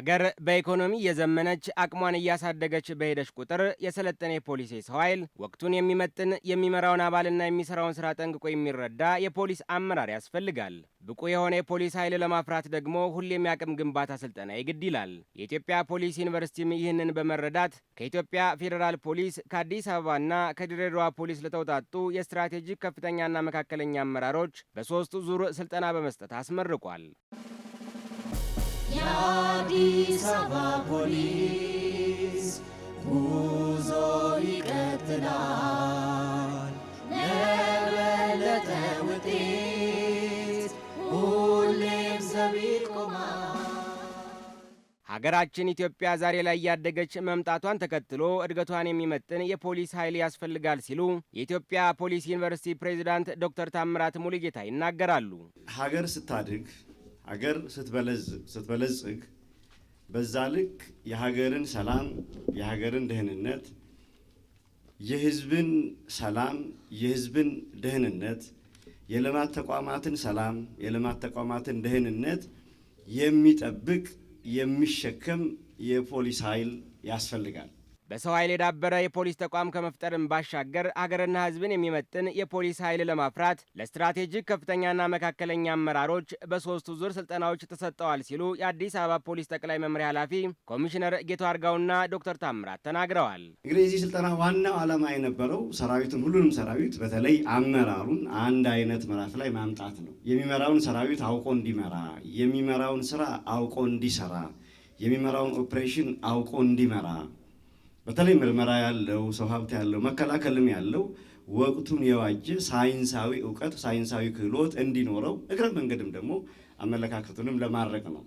አገር በኢኮኖሚ የዘመነች አቅሟን እያሳደገች በሄደች ቁጥር የሰለጠነ የፖሊስ የሰው ኃይል ወቅቱን የሚመጥን የሚመራውን አባልና የሚሰራውን ስራ ጠንቅቆ የሚረዳ የፖሊስ አመራር ያስፈልጋል። ብቁ የሆነ የፖሊስ ኃይል ለማፍራት ደግሞ ሁሌም የአቅም ግንባታ ስልጠና ይግድ ይላል። የኢትዮጵያ ፖሊስ ዩኒቨርሲቲም ይህንን በመረዳት ከኢትዮጵያ ፌዴራል ፖሊስ ከአዲስ አበባና ከድሬዳዋ ፖሊስ ለተውጣጡ የስትራቴጂክ ከፍተኛና መካከለኛ አመራሮች በሶስቱ ዙር ስልጠና በመስጠት አስመርቋል። የአዲስ አበባ ፖሊስ ጉዞ ይቀጥላል። ለበለጠ ውጤት ሁሌም ሀገራችን ኢትዮጵያ ዛሬ ላይ ያደገች መምጣቷን ተከትሎ እድገቷን የሚመጥን የፖሊስ ኃይል ያስፈልጋል ሲሉ የኢትዮጵያ ፖሊስ ዩኒቨርሲቲ ፕሬዚዳንት ዶክተር ታምራት ሙሉጌታ ይናገራሉ። ሀገር ስታድግ አገር ስትበለጽግ በዛ ልክ የሀገርን ሰላም፣ የሀገርን ደህንነት፣ የህዝብን ሰላም፣ የህዝብን ደህንነት፣ የልማት ተቋማትን ሰላም፣ የልማት ተቋማትን ደህንነት የሚጠብቅ የሚሸከም የፖሊስ ኃይል ያስፈልጋል። በሰው ኃይል የዳበረ የፖሊስ ተቋም ከመፍጠርም ባሻገር አገርና ሕዝብን የሚመጥን የፖሊስ ኃይል ለማፍራት ለስትራቴጂክ ከፍተኛና መካከለኛ አመራሮች በሶስቱ ዙር ስልጠናዎች ተሰጠዋል ሲሉ የአዲስ አበባ ፖሊስ ጠቅላይ መምሪያ ኃላፊ ኮሚሽነር ጌቶ አርጋውና ዶክተር ታምራት ተናግረዋል። እንግዲህ የዚህ ስልጠና ዋናው ዓላማ የነበረው ሰራዊቱን ሁሉንም ሰራዊት በተለይ አመራሩን አንድ አይነት ምዕራፍ ላይ ማምጣት ነው። የሚመራውን ሰራዊት አውቆ እንዲመራ፣ የሚመራውን ስራ አውቆ እንዲሰራ፣ የሚመራውን ኦፕሬሽን አውቆ እንዲመራ በተለይ ምርመራ ያለው ሰው ሀብት ያለው መከላከልም ያለው ወቅቱን የዋጀ ሳይንሳዊ እውቀት ሳይንሳዊ ክህሎት እንዲኖረው እግረ መንገድም ደግሞ አመለካከቱንም ለማድረግ ነው።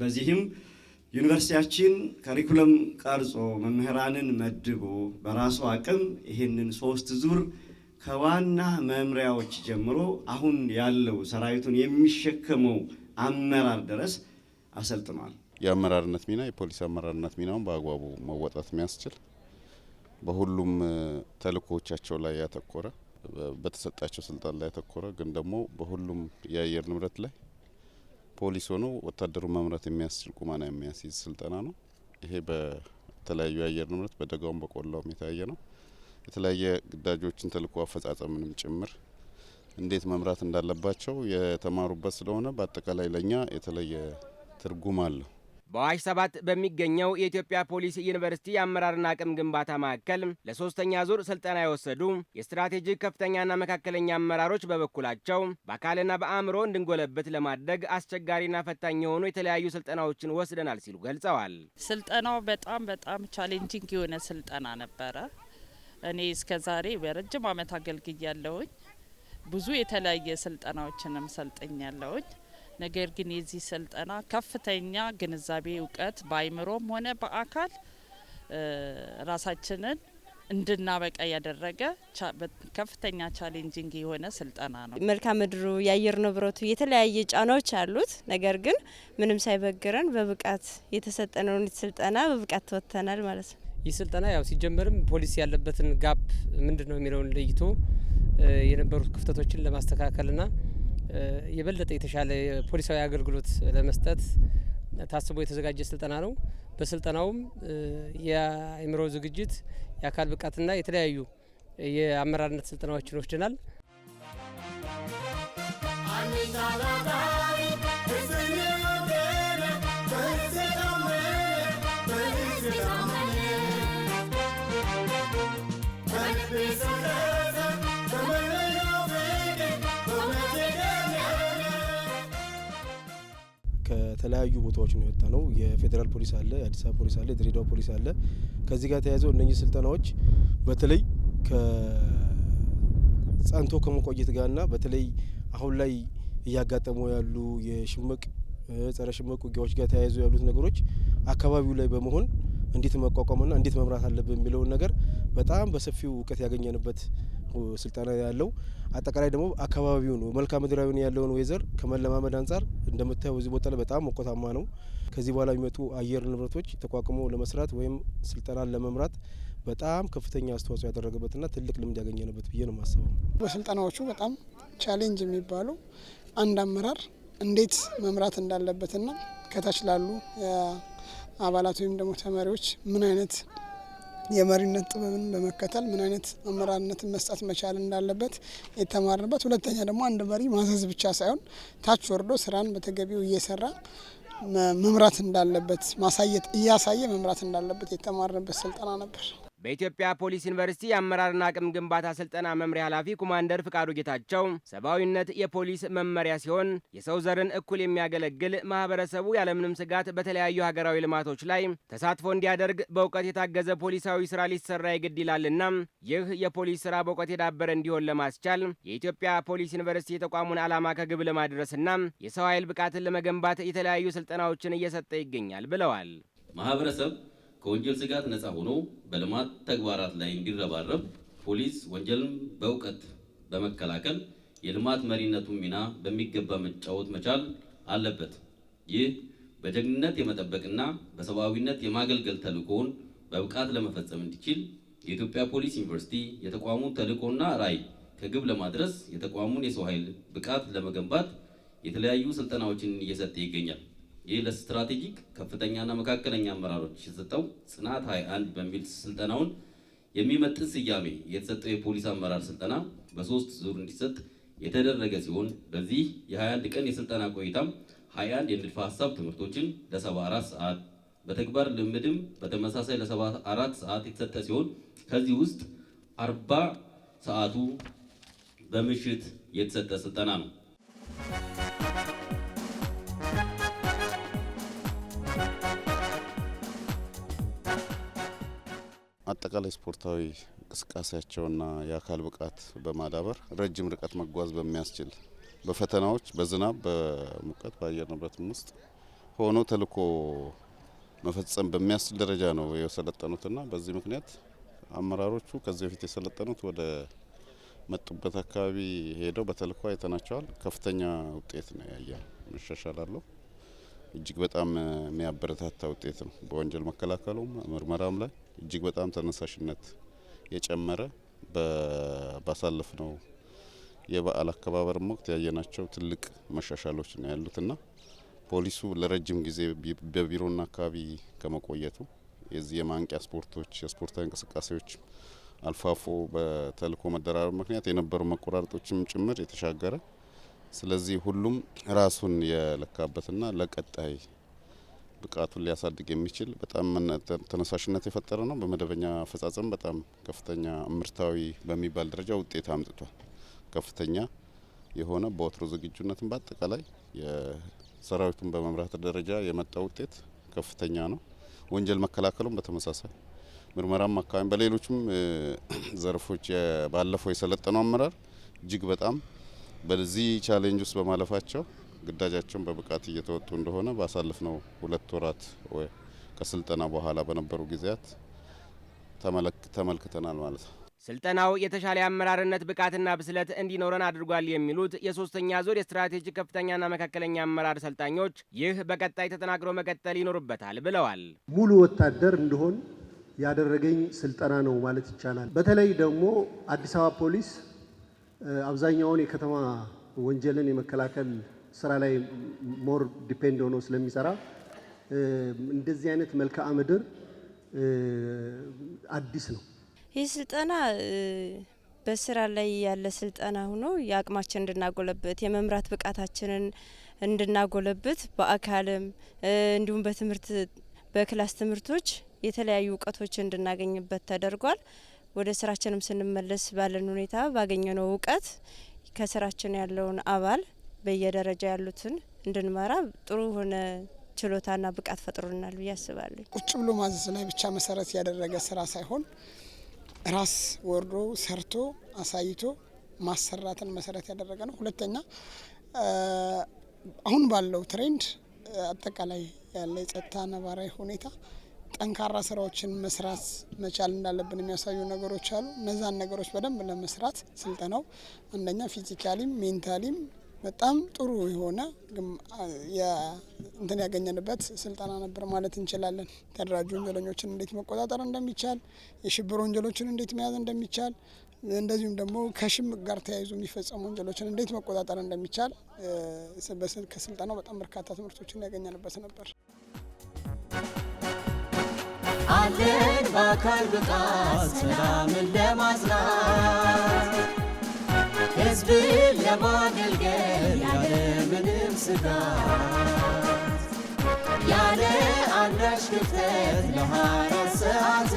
በዚህም ዩኒቨርሲቲያችን ከሪኩለም ቀርጾ መምህራንን መድቦ በራሱ አቅም ይህንን ሶስት ዙር ከዋና መምሪያዎች ጀምሮ አሁን ያለው ሰራዊቱን የሚሸከመው አመራር ድረስ አሰልጥኗል። የአመራርነት ሚና የፖሊስ አመራርነት ሚናውን በአግባቡ መወጣት የሚያስችል በሁሉም ተልእኮዎቻቸው ላይ ያተኮረ በተሰጣቸው ስልጣን ላይ ያተኮረ ግን ደግሞ በሁሉም የአየር ንብረት ላይ ፖሊስ ሆኖ ወታደሩ መምራት የሚያስችል ቁመና የሚያስይዝ ስልጠና ነው። ይሄ በተለያዩ የአየር ንብረት በደጋውም በቆላውም የታየ ነው። የተለያየ ግዳጆችን ተልእኮ አፈጻጸምንም ጭምር እንዴት መምራት እንዳለባቸው የተማሩበት ስለሆነ በአጠቃላይ ለእኛ የተለየ ትርጉም አለው። በአዋሽ ሰባት በሚገኘው የኢትዮጵያ ፖሊስ ዩኒቨርሲቲ የአመራርና አቅም ግንባታ ማዕከል ለሶስተኛ ዙር ስልጠና የወሰዱ የስትራቴጂክ ከፍተኛና መካከለኛ አመራሮች በበኩላቸው በአካልና በአእምሮ እንድንጎለበት ለማድረግ አስቸጋሪና ፈታኝ የሆኑ የተለያዩ ስልጠናዎችን ወስደናል ሲሉ ገልጸዋል። ስልጠናው በጣም በጣም ቻሌንጂንግ የሆነ ስልጠና ነበረ። እኔ እስከ ዛሬ በረጅም ዓመት አገልግያለሁኝ። ብዙ የተለያየ ስልጠናዎችንም ሰልጠኛለሁኝ። ነገር ግን የዚህ ስልጠና ከፍተኛ ግንዛቤ፣ እውቀት በአይምሮም ሆነ በአካል ራሳችንን እንድናበቃ ያደረገ ከፍተኛ ቻሌንጂንግ የሆነ ስልጠና ነው። መልክዓ ምድሩ፣ የአየር ንብረቱ የተለያየ ጫናዎች አሉት። ነገር ግን ምንም ሳይበግረን በብቃት የተሰጠነውን ስልጠና በብቃት ተወጥተናል ማለት ነው። ይህ ስልጠና ያው ሲጀመርም ፖሊሲ ያለበትን ጋፕ ምንድን ነው የሚለውን ለይቶ የነበሩት ክፍተቶችን ለማስተካከልና የበለጠ የተሻለ ፖሊሳዊ አገልግሎት ለመስጠት ታስቦ የተዘጋጀ ስልጠና ነው። በስልጠናውም የአእምሮ ዝግጅት፣ የአካል ብቃትና የተለያዩ የአመራርነት ስልጠናዎችን ወስደናል። ከተለያዩ ቦታዎች ነው የወጣ ነው። የፌዴራል ፖሊስ አለ፣ የአዲስ አበባ ፖሊስ አለ፣ የድሬዳዋ ፖሊስ አለ። ከዚህ ጋር ተያይዘው እነኚህ ስልጠናዎች በተለይ ጸንቶ ከመቆየት ጋርና በተለይ አሁን ላይ እያጋጠሙ ያሉ የሽምቅ ጸረ ሽምቅ ውጊያዎች ጋር ተያይዞ ያሉት ነገሮች አካባቢው ላይ በመሆን እንዴት መቋቋምና እንዴት መምራት አለብን የሚለውን ነገር በጣም በሰፊው እውቀት ያገኘንበት ስልጠና ያለው አጠቃላይ ደግሞ አካባቢውን መልክዓ ምድራዊን ያለውን ወይዘር ከመለማመድ አንጻር እንደምታየው በዚህ ቦታ ላይ በጣም ሞቆታማ ነው። ከዚህ በኋላ የሚመጡ አየር ንብረቶች ተቋቁሞ ለመስራት ወይም ስልጠናን ለመምራት በጣም ከፍተኛ አስተዋጽኦ ያደረገበትና ትልቅ ልምድ ያገኘንበት ብዬ ነው የማስበው። በስልጠናዎቹ በጣም ቻሌንጅ የሚባሉ አንድ አመራር እንዴት መምራት እንዳለበትና ከታች ላሉ አባላት ወይም ደግሞ ተማሪዎች ምን አይነት የመሪነት ጥበብን በመከተል ምን አይነት አመራርነትን መስጠት መቻል እንዳለበት የተማርንበት፣ ሁለተኛ ደግሞ አንድ መሪ ማዘዝ ብቻ ሳይሆን ታች ወርዶ ስራን በተገቢው እየሰራ መምራት እንዳለበት ማሳየት እያሳየ መምራት እንዳለበት የተማርንበት ስልጠና ነበር። በኢትዮጵያ ፖሊስ ዩኒቨርሲቲ የአመራርና አቅም ግንባታ ስልጠና መምሪያ ኃላፊ ኮማንደር ፍቃዱ ጌታቸው ሰብአዊነት የፖሊስ መመሪያ ሲሆን የሰው ዘርን እኩል የሚያገለግል ማህበረሰቡ ያለምንም ስጋት በተለያዩ ሀገራዊ ልማቶች ላይ ተሳትፎ እንዲያደርግ በእውቀት የታገዘ ፖሊሳዊ ስራ ሊሰራ ይግድ ይላልና ይህ የፖሊስ ስራ በእውቀት የዳበረ እንዲሆን ለማስቻል የኢትዮጵያ ፖሊስ ዩኒቨርሲቲ የተቋሙን ዓላማ ከግብ ለማድረስና የሰው ኃይል ብቃትን ለመገንባት የተለያዩ ስልጠናዎችን እየሰጠ ይገኛል ብለዋል። ማህበረሰብ ከወንጀል ስጋት ነፃ ሆኖ በልማት ተግባራት ላይ እንዲረባረብ ፖሊስ ወንጀልን በእውቀት በመከላከል የልማት መሪነቱን ሚና በሚገባ መጫወት መቻል አለበት። ይህ በጀግንነት የመጠበቅና በሰብአዊነት የማገልገል ተልእኮውን በብቃት ለመፈጸም እንዲችል የኢትዮጵያ ፖሊስ ዩኒቨርሲቲ የተቋሙን ተልእኮና ራዕይ ከግብ ለማድረስ የተቋሙን የሰው ኃይል ብቃት ለመገንባት የተለያዩ ስልጠናዎችን እየሰጠ ይገኛል። ይህ ለስትራቴጂክ ከፍተኛና መካከለኛ አመራሮች የተሰጠው ጽናት 21 በሚል ስልጠናውን የሚመጥን ስያሜ የተሰጠው የፖሊስ አመራር ስልጠና በሶስት ዙር እንዲሰጥ የተደረገ ሲሆን በዚህ የ21 ቀን የስልጠና ቆይታም 21 የንድፈ ሀሳብ ትምህርቶችን ለ74 ሰዓት በተግባር ልምድም በተመሳሳይ ለ74 ሰዓት የተሰጠ ሲሆን ከዚህ ውስጥ 40 ሰዓቱ በምሽት የተሰጠ ስልጠና ነው። አጠቃላይ ስፖርታዊ እንቅስቃሴያቸውና የአካል ብቃት በማዳበር ረጅም ርቀት መጓዝ በሚያስችል በፈተናዎች በዝናብ፣ በሙቀት፣ በአየር ንብረትም ውስጥ ሆኖ ተልኮ መፈጸም በሚያስችል ደረጃ ነው የሰለጠኑትና በዚህ ምክንያት አመራሮቹ ከዚህ በፊት የሰለጠኑት ወደ መጡበት አካባቢ ሄደው በተልዕኮ አይተናቸዋል። ከፍተኛ ውጤት ነው ያያል። መሻሻል አለው። እጅግ በጣም የሚያበረታታ ውጤት ነው። በወንጀል መከላከሉም ምርመራም ላይ እጅግ በጣም ተነሳሽነት የጨመረ ባሳለፍ ነው የበዓል አከባበርም ወቅት ያየናቸው ትልቅ መሻሻሎች ነው ያሉትና ፖሊሱ ለረጅም ጊዜ በቢሮና አካባቢ ከመቆየቱ የዚህ የማንቂያ ስፖርቶች የስፖርታዊ እንቅስቃሴዎች አልፎ አልፎ በተልእኮ መደራረብ ምክንያት የነበሩ መቆራረጦችም ጭምር የተሻገረ ስለዚህ ሁሉም ራሱን የለካበትና ለቀጣይ ብቃቱን ሊያሳድግ የሚችል በጣም ተነሳሽነት የፈጠረ ነው። በመደበኛ አፈጻጸም በጣም ከፍተኛ ምርታዊ በሚባል ደረጃ ውጤት አምጥቷል። ከፍተኛ የሆነ በወትሮ ዝግጁነትን በአጠቃላይ የሰራዊቱን በመምራት ደረጃ የመጣ ውጤት ከፍተኛ ነው። ወንጀል መከላከሉም በተመሳሳይ ምርመራም አካባቢ በሌሎችም ዘርፎች ባለፈው የሰለጠነው አመራር እጅግ በጣም በዚህ ቻሌንጅ ውስጥ በማለፋቸው ግዳጃቸውን በብቃት እየተወጡ እንደሆነ ነው ሁለት ወራት ከስልጠና በኋላ በነበሩ ጊዜያት ተመልክተናል ማለት ነው። ስልጠናው የተሻለ አመራርነት ብቃትና ብስለት እንዲኖረን አድርጓል የሚሉት የሶስተኛ ዙር የስትራቴጂ ከፍተኛና መካከለኛ አመራር ሰልጣኞች ይህ በቀጣይ ተጠናክሮ መቀጠል ይኖርበታል ብለዋል። ሙሉ ወታደር እንደሆን ያደረገኝ ስልጠና ነው ማለት ይቻላል። በተለይ ደግሞ አዲስ አበባ ፖሊስ አብዛኛውን የከተማ ወንጀልን የመከላከል ስራ ላይ ሞር ዲፔንድ ሆኖ ስለሚሰራ እንደዚህ አይነት መልክዓ ምድር አዲስ ነው። ይህ ስልጠና በስራ ላይ ያለ ስልጠና ሆኖ የአቅማችን እንድናጎለበት የመምራት ብቃታችንን እንድናጎለበት በአካልም እንዲሁም በትምህርት በክላስ ትምህርቶች የተለያዩ እውቀቶች እንድናገኝበት ተደርጓል። ወደ ስራችንም ስንመለስ ባለን ሁኔታ ባገኘነው እውቀት ከስራችን ያለውን አባል በየደረጃ ያሉትን እንድንመራ ጥሩ የሆነ ችሎታና ብቃት ፈጥሮናል ብዬ አስባለሁ። ቁጭ ብሎ ማዘዝ ላይ ብቻ መሰረት ያደረገ ስራ ሳይሆን ራስ ወርዶ ሰርቶ አሳይቶ ማሰራትን መሰረት ያደረገ ነው። ሁለተኛ አሁን ባለው ትሬንድ አጠቃላይ ያለ የጸጥታ ነባራዊ ሁኔታ ጠንካራ ስራዎችን መስራት መቻል እንዳለብን የሚያሳዩ ነገሮች አሉ። እነዛን ነገሮች በደንብ ለመስራት ስልጠናው አንደኛ ፊዚካሊም ሜንታሊም በጣም ጥሩ የሆነ እንትን ያገኘንበት ስልጠና ነበር ማለት እንችላለን። ተደራጁ ወንጀለኞችን እንዴት መቆጣጠር እንደሚቻል፣ የሽብር ወንጀሎችን እንዴት መያዝ እንደሚቻል እንደዚሁም ደግሞ ከሽምቅ ጋር ተያይዞ የሚፈጸሙ ወንጀሎችን እንዴት መቆጣጠር እንደሚቻል ከስልጠናው በጣም በርካታ ትምህርቶችን ያገኘንበት ነበር። አለን በአካል ብቃት ሰላምን ለማዝራት ህዝብን ለማገልገል ያለ ምንም ስጋት ያለ አንዳች ክፍተት ለሃያት ሰዓት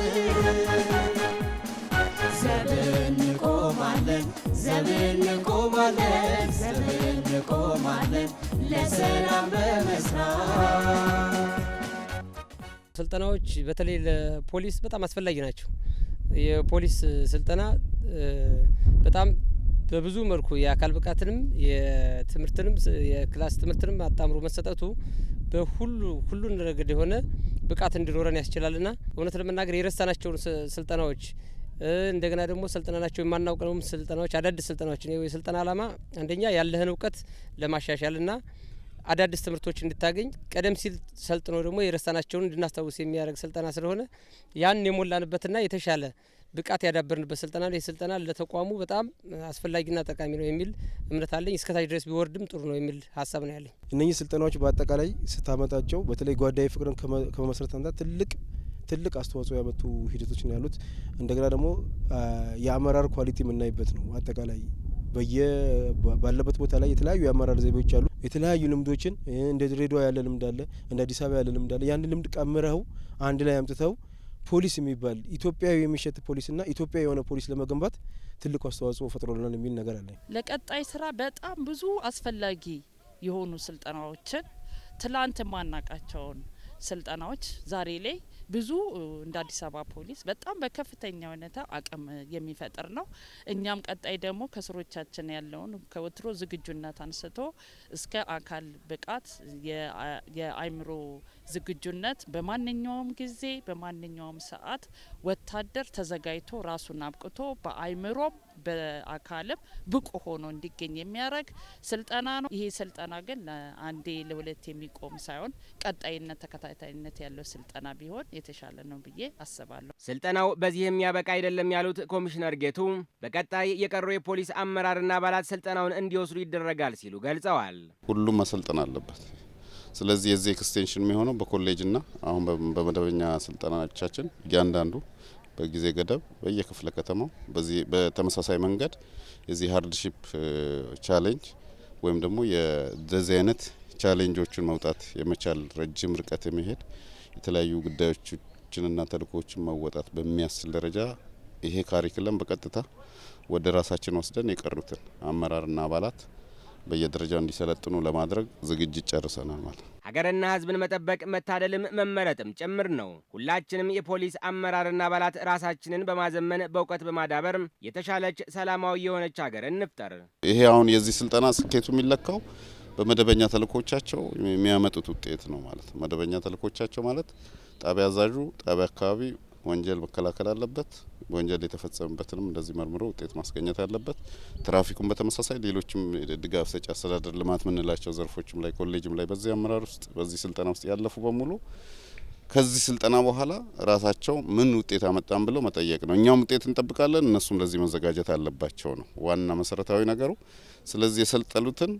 ዘብን ቆማለን ዘብን ቆማለን ዘብን ቆማለን ለሰላም በመስራት ስልጠናዎች በተለይ ለፖሊስ በጣም አስፈላጊ ናቸው። የፖሊስ ስልጠና በጣም በብዙ መልኩ የአካል ብቃትንም የትምህርትንም የክላስ ትምህርትንም አጣምሮ መሰጠቱ በሁሉ ሁሉን ረገድ የሆነ ብቃት እንዲኖረን ያስችላልና እውነት ለመናገር የረሳናቸውን ስልጠናዎች እንደገና ደግሞ ስልጠናናቸው የማናውቀውም ስልጠናዎች፣ አዳዲስ ስልጠናዎች የስልጠና ዓላማ አንደኛ ያለህን እውቀት ለማሻሻልና አዳዲስ ትምህርቶች እንድታገኝ ቀደም ሲል ሰልጥኖ ደግሞ የረሳናቸውን እንድናስታውስ የሚያደርግ ስልጠና ስለሆነ ያን የሞላንበትና የተሻለ ብቃት ያዳበርንበት ስልጠና ነው። ይህ ስልጠና ለተቋሙ በጣም አስፈላጊና ጠቃሚ ነው የሚል እምነት አለኝ። እስከታች ድረስ ቢወርድም ጥሩ ነው የሚል ሀሳብ ነው ያለኝ። እነኚህ ስልጠናዎች በአጠቃላይ ስታመጣቸው በተለይ ጓዳዊ ፍቅርን ከመመስረት አንጻር ትልቅ ትልቅ አስተዋጽኦ ያመጡ ሂደቶች ነው ያሉት። እንደገና ደግሞ የአመራር ኳሊቲ የምናይበት ነው። አጠቃላይ በየ ባለበት ቦታ ላይ የተለያዩ የአመራር ዘይቤዎች አሉ። የተለያዩ ልምዶችን እንደ ድሬዳዋ ያለ ልምድ አለ፣ እንደ አዲስ አበባ ያለ ልምድ አለ። ያን ልምድ ቀምረው አንድ ላይ አምጥተው ፖሊስ የሚባል ኢትዮጵያዊ የሚሸት ፖሊስና ኢትዮጵያ የሆነ ፖሊስ ለመገንባት ትልቁ አስተዋጽኦ ፈጥሮልናል የሚል ነገር አለ። ለቀጣይ ስራ በጣም ብዙ አስፈላጊ የሆኑ ስልጠናዎችን ትላንት ማናቃቸውን ስልጠናዎች ዛሬ ላይ ብዙ እንደ አዲስ አበባ ፖሊስ በጣም በከፍተኛ ሁኔታ አቅም የሚፈጥር ነው። እኛም ቀጣይ ደግሞ ከስሮቻችን ያለውን ከወትሮ ዝግጁነት አንስቶ እስከ አካል ብቃት የአይምሮ ዝግጁነት በማንኛውም ጊዜ በማንኛውም ሰዓት ወታደር ተዘጋጅቶ ራሱን አብቅቶ በአይምሮም በአካልም ብቁ ሆኖ እንዲገኝ የሚያደርግ ስልጠና ነው። ይሄ ስልጠና ግን አንዴ ለሁለት የሚቆም ሳይሆን ቀጣይነት፣ ተከታታይነት ያለው ስልጠና ቢሆን የተሻለ ነው ብዬ አስባለሁ። ስልጠናው በዚህ የሚያበቃ አይደለም ያሉት ኮሚሽነር ጌቱ በቀጣይ የቀሩ የፖሊስ አመራርና አባላት ስልጠናውን እንዲወስዱ ይደረጋል ሲሉ ገልጸዋል። ሁሉም መሰልጠን አለበት። ስለዚህ የዚህ ኤክስቴንሽን የሚሆነው በኮሌጅና አሁን በመደበኛ ስልጠናዎቻችን እያንዳንዱ በጊዜ ገደብ በየክፍለ ከተማው በዚህ በተመሳሳይ መንገድ የዚህ ሃርድሺፕ ቻሌንጅ ወይም ደግሞ የዚህ አይነት ቻሌንጆቹን መውጣት የመቻል ረጅም ርቀት የመሄድ የተለያዩ ጉዳዮችንና ተልእኮዎችን መወጣት በሚያስችል ደረጃ ይሄ ካሪክለም በቀጥታ ወደ ራሳችን ወስደን የቀሩትን አመራርና አባላት በየደረጃው እንዲሰለጥኑ ለማድረግ ዝግጅት ጨርሰናል ማለት ነው። ሀገርና ሕዝብን መጠበቅ መታደልም መመረጥም ጭምር ነው። ሁላችንም የፖሊስ አመራርና አባላት ራሳችንን በማዘመን በእውቀት በማዳበር የተሻለች ሰላማዊ የሆነች ሀገር እንፍጠር። ይሄ አሁን የዚህ ስልጠና ስኬቱ የሚለካው በመደበኛ ተልእኮቻቸው የሚያመጡት ውጤት ነው ማለት ነው። መደበኛ ተልእኮቻቸው ማለት ጣቢያ አዛዡ ጣቢያ አካባቢ ወንጀል መከላከል አለበት። ወንጀል የተፈጸመበትንም እንደዚህ መርምሮ ውጤት ማስገኘት አለበት። ትራፊኩን በተመሳሳይ ሌሎችም ድጋፍ ሰጪ አስተዳደር ልማት ምንላቸው ዘርፎችም ላይ ኮሌጅም ላይ በዚህ አመራር ውስጥ በዚህ ስልጠና ውስጥ ያለፉ በሙሉ ከዚህ ስልጠና በኋላ ራሳቸው ምን ውጤት አመጣን ብለው መጠየቅ ነው። እኛም ውጤት እንጠብቃለን፣ እነሱም ለዚህ መዘጋጀት አለባቸው ነው ዋና መሰረታዊ ነገሩ። ስለዚህ የሰልጠሉትን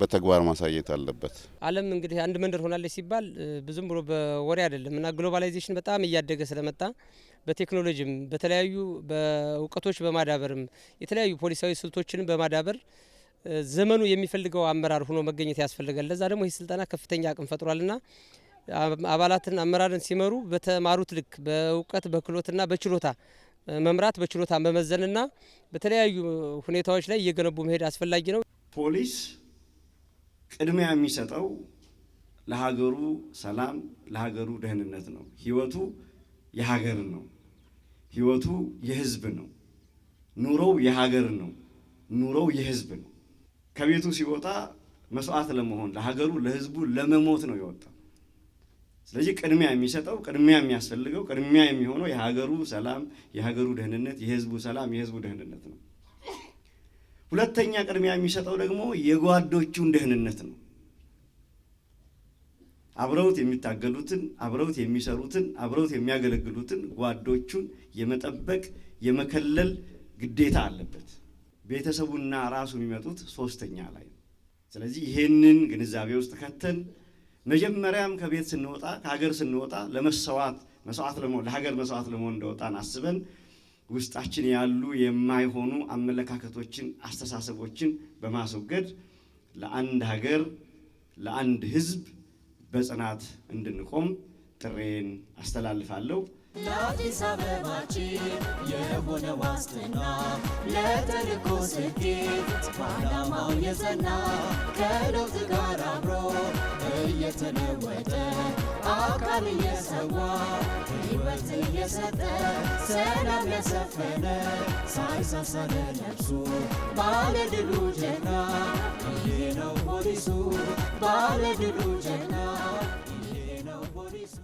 በተግባር ማሳየት አለበት። ዓለም እንግዲህ አንድ መንደር ሆናለች ሲባል ብዙም ብሎ በወሬ አይደለም እና ግሎባላይዜሽን በጣም እያደገ ስለመጣ በቴክኖሎጂም በተለያዩ በእውቀቶች በማዳበርም የተለያዩ ፖሊሳዊ ስልቶችንም በማዳበር ዘመኑ የሚፈልገው አመራር ሆኖ መገኘት ያስፈልጋል። ለዛ ደግሞ ይህ ስልጠና ከፍተኛ አቅም ፈጥሯልና አባላትን አመራርን ሲመሩ በተማሩት ልክ በእውቀት በክህሎትና በችሎታ መምራት በችሎታ መመዘንና በተለያዩ ሁኔታዎች ላይ እየገነቡ መሄድ አስፈላጊ ነው። ፖሊስ ቅድሚያ የሚሰጠው ለሀገሩ ሰላም፣ ለሀገሩ ደህንነት ነው። ህይወቱ የሀገር ነው። ህይወቱ የህዝብ ነው። ኑሮው የሀገር ነው። ኑሮው የህዝብ ነው። ከቤቱ ሲወጣ መስዋዕት ለመሆን ለሀገሩ፣ ለህዝቡ ለመሞት ነው የወጣው። ስለዚህ ቅድሚያ የሚሰጠው ቅድሚያ የሚያስፈልገው ቅድሚያ የሚሆነው የሀገሩ ሰላም፣ የሀገሩ ደህንነት፣ የህዝቡ ሰላም፣ የህዝቡ ደህንነት ነው። ሁለተኛ ቅድሚያ የሚሰጠው ደግሞ የጓዶቹን ደህንነት ነው። አብረውት የሚታገሉትን አብረውት የሚሰሩትን አብረውት የሚያገለግሉትን ጓዶቹን የመጠበቅ የመከለል ግዴታ አለበት። ቤተሰቡና ራሱ የሚመጡት ሶስተኛ ላይ ነው። ስለዚህ ይሄንን ግንዛቤ ውስጥ ከተን መጀመሪያም ከቤት ስንወጣ ከሀገር ስንወጣ ለመሰዋት መስዋዕት ለመሆን ለሀገር መስዋዕት ለመሆን እንደወጣን አስበን ውስጣችን ያሉ የማይሆኑ አመለካከቶችን፣ አስተሳሰቦችን በማስወገድ ለአንድ ሀገር ለአንድ ህዝብ። በጽናት እንድንቆም ጥሬን አስተላልፋለሁ። ለአዲስ አበባችን የሆነ ዋስትና ለተልኮ ስኬት ባላማው የጸና ከለውጥ ጋር አብሮ እየተለወጠ አካል እየሰዋ ሕይወት እየሰጠ ሰላም ያሰፈነ ሳይሳሳለ ነፍሱ ባለድሉ ጀግና ይሄ ነው ፖሊሱ ባለድሉ ጀግና ይሄ ነው ፖሊሱ